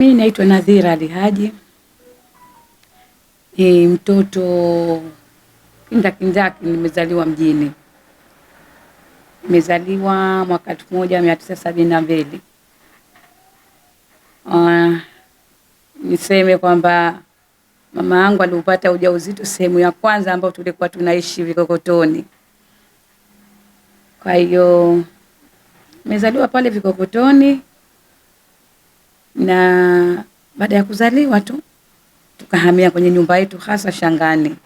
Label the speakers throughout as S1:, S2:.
S1: Mi naitwa Nadhira Ali Haji, ni mtoto kindakindaki, nimezaliwa mjini. Nimezaliwa mwaka elfu moja mia tisa sabini na mbili. Uh, niseme kwamba mama yangu aliupata ujauzito sehemu ya kwanza ambayo tulikuwa tunaishi Vikokotoni. Kwa hiyo nimezaliwa pale Vikokotoni na baada ya kuzaliwa tu tukahamia kwenye nyumba yetu hasa Shangani.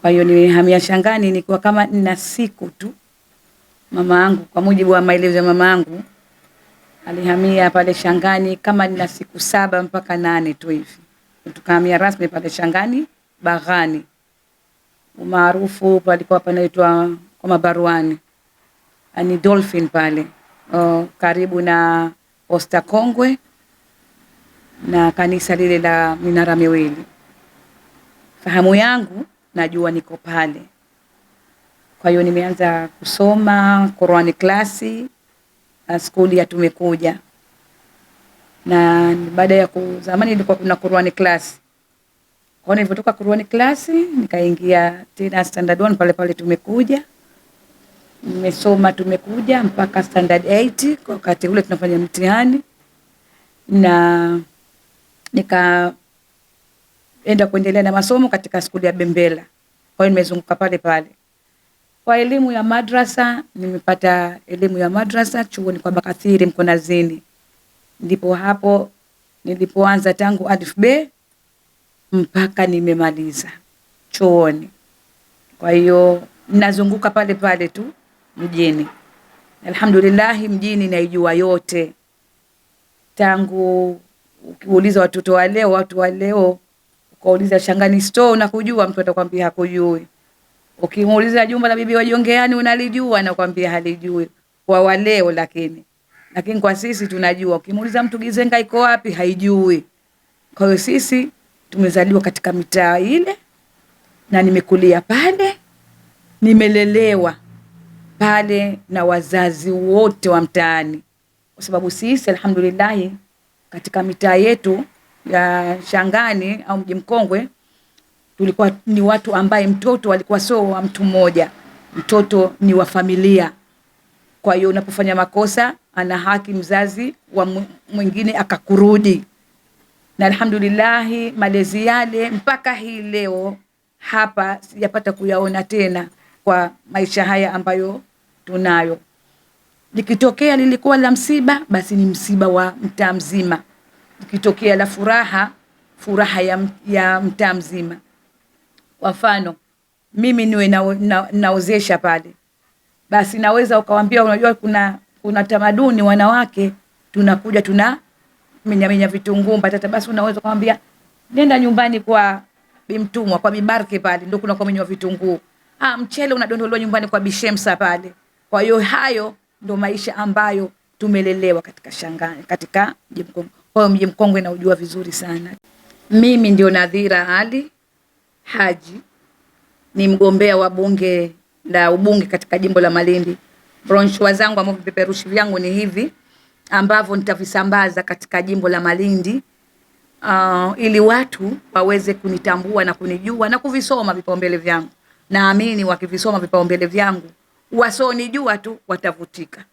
S1: Kwa hiyo nilihamia Shangani nikiwa kama nina siku tu. Mama yangu kwa mujibu wa maelezo ya mama yangu alihamia pale Shangani kama nina siku saba mpaka nane tu hivi, tukahamia rasmi pale Shangani Baghani, umaarufu palikuwa panaitwa kwa mabaruani ani Dolphin pale o, oh, karibu na Posta Kongwe na kanisa lile la Minara Miwili. Fahamu yangu najua niko pale. Kwa hiyo nimeanza kusoma Qur'ani klasi na skuli ya tumekuja, na baada ya kuzamani ilikuwa kuna Qur'ani klasi. Kwa hiyo nilipotoka Qur'ani klasi nikaingia tena standard 1 pale pale tumekuja nimesoma tumekuja mpaka standard 8 kwa wakati ule tunafanya mtihani, na nikaenda kuendelea na masomo katika skuli ya Bembela. Kwa hiyo nimezunguka pale pale kwa elimu ya madrasa. Nimepata elimu ya madrasa chuoni kwa Bakathiri Mkunazini, ndipo hapo nilipoanza tangu alif b mpaka nimemaliza chuoni. Kwa hiyo nazunguka pale pale tu mjini. Alhamdulillah, mjini naijua yote tangu ukiuliza watoto wa leo, watu wa leo ukauliza Shangani store unakujua, mtu atakwambia hakujui. Ukimuuliza jumba la bibi wajongeani unalijua, anakwambia halijui kwa waleo, lakini lakini kwa sisi tunajua. Ukimuuliza mtu Gizenga iko wapi, haijui. Kwa hiyo sisi tumezaliwa katika mitaa ile, na nimekulia pale, nimelelewa pale na wazazi wote wa mtaani, kwa sababu sisi alhamdulillah katika mitaa yetu ya Shangani au Mji Mkongwe tulikuwa ni watu ambaye mtoto alikuwa sio wa mtu mmoja, mtoto ni wa familia. Kwa hiyo unapofanya makosa, ana haki mzazi wa mwingine akakurudi, na alhamdulillah malezi yale mpaka hii leo hapa sijapata kuyaona tena kwa maisha haya ambayo tunayo. Likitokea lilikuwa la msiba, basi ni msiba wa mtaa mzima. Likitokea la furaha, furaha ya, ya mtaa mzima. Kwa mfano mimi niwe na, na, naozesha pale, basi naweza ukawambia, unajua kuna kuna tamaduni wanawake tunakuja tuna menyamenya vitunguu mbatata, basi unaweza kumwambia nenda nyumbani kwa bimtumwa kwa bibarke pale, ndio kuna kwa menywa vitunguu. Ah, mchele unadondolewa nyumbani kwa bishemsa pale. Kwa hiyo hayo ndo maisha ambayo tumelelewa katika Shangani, katika Mji Mkongwe. Kwa hiyo Mji Mkongwe naujua vizuri sana. Mimi ndio Nadhira Ali Haji, ni mgombea wa bunge la ubunge katika jimbo la Malindi. Bronchi zangu ambao vipeperushi vyangu ni hivi ambavyo nitavisambaza katika jimbo la Malindi uh, ili watu waweze kunitambua na kunijua na kuvisoma vipaumbele vyangu. Naamini wakivisoma vipaumbele vyangu Wasionijua tu watavutika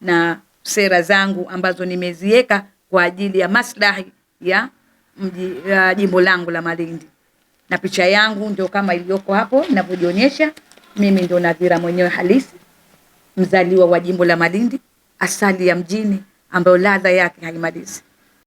S1: na sera zangu ambazo nimeziweka kwa ajili ya maslahi ya mji ya jimbo langu la Malindi, na picha yangu ndio kama iliyoko hapo ninavyojionyesha. Mimi ndio Nadhira mwenyewe halisi, mzaliwa wa jimbo la Malindi, asali ya mjini ambayo ladha yake haimalizi.